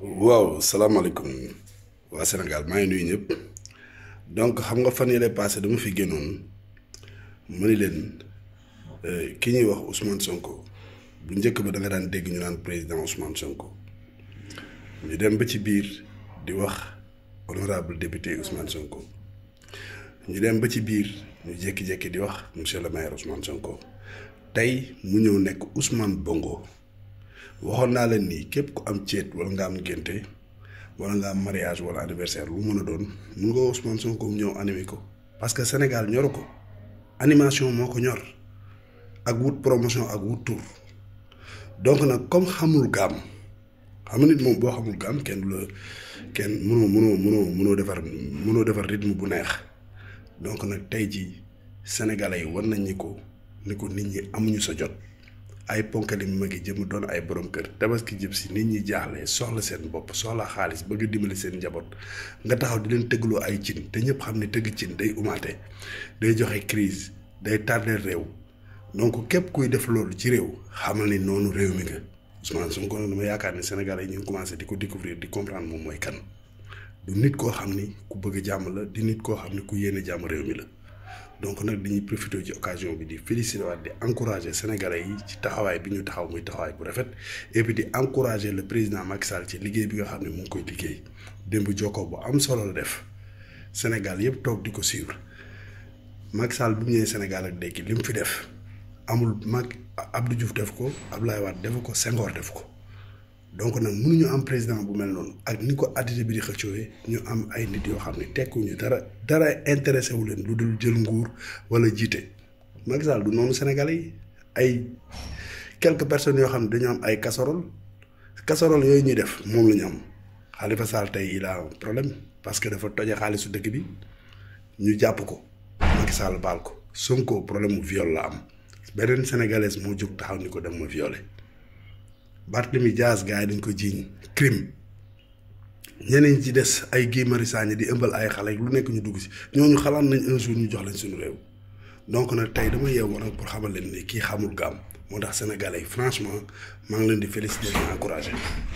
Wow, salaamaaleykum waa Sénégal maa ngi nuyu ñëpp donc xam nga fan yële passé dama fi génnoon ma ni leen euh, ki ñuy wax Ousmane Sonko bu njëkk ba da nga daan dégg ñu naan président Ousmane Sonko ñu dem ba ci biir di wax honorable député Ousmane Sonko ñu dem ba ci biir ñu jékki-jékki di wax monsieur le maire Ousmane Sonko tey mu ñëw nekk Ousmane Bongo waxon na len ni kep ku am ciet wala nga am ngénte wala nga am mariage wala anniversaire lu meuna don doon mun nga Ousmane Sonko ñew animé ko parce que Sénégal ñor ko animation moko ñor ak wut promotion ak wut tour donc nak comme xamul gam xam nit mom bo xamul gam ken du ken mëno mëno mëno mëno défar mëno défar rythme bu neex donc nak tay ji sénégalais nañ ni ko ni ko nit ñi amuñu sa jot ay ponkali mag yi jëm doon ay borom kër tabaski jëm si nit ñi jaaxle soxla seen bopp soxla xaalis bëgg dimbali seen njaboot nga taxaw di leen tëggloo ay cin te ñëpp xam ne tëgg cin day umaate day joxe crise day tardeel réew donc képp kuy def loolu ci réew xamal ni noonu réew mi nga Ousmane Sonko dama yaakaar ne Sénégal yi ñu ngi commencé di ko découvrir di comprendre moom mooy kan du nit koo xam ni ku bëgg jàmm la di nit koo xam ni ku yéene jàmm réew mi la donc nag dañuy profité ci occasion bi di félicité waat di encouragé sénégalais yi ci taxawaay bi ñu taxaw muy taxawaay bu rafet et puis di encourager le président Macky Sall ci liggéey bi nga xam ne mu ngi koy liggéey démb jokkoo bu am solo la def Sénégal yëpp toog di ko suivre Macky Sall bu mu Sénégal ak léegi li mu fi def amul mag Abdou Diouf def ko Abdoulaye Wade def ko Senghor def ko. donc nag mënuñu am président bu mel noonu ak ni ko addina bi di xëccoowee ñu am ay nit yoo xam ne tekkuñu dara dara intéressé wu leen lu dul jël nguur wala jiite Macky Sall du noonu Sénégalais ay quelque personnes yoo xam ne dañu am ay casserole casserole yooyu ñuy def moom la ñu am Khalifa Sall tey il problème parce que dafa toje xaalisu dëkk bi ñu jàpp ko Macky baal ko Sonko problème mu la am beneen sénégalaise moo jóg taxaw ni ko dem ma violé Barthélemy Dias gars yi dañ ko jiiñ crime ñeneen ci des ay Guy Marius di ëmbal ay xale lu nekk ñu dugg si ñooñu xalaat nañ un jour ñu jox lañ suñu réew donc na tey dama yeewu nag pour xamal leen ni kii xamul gaam moo tax sénégal ay franchement maa ngi leen di féliciter di encourager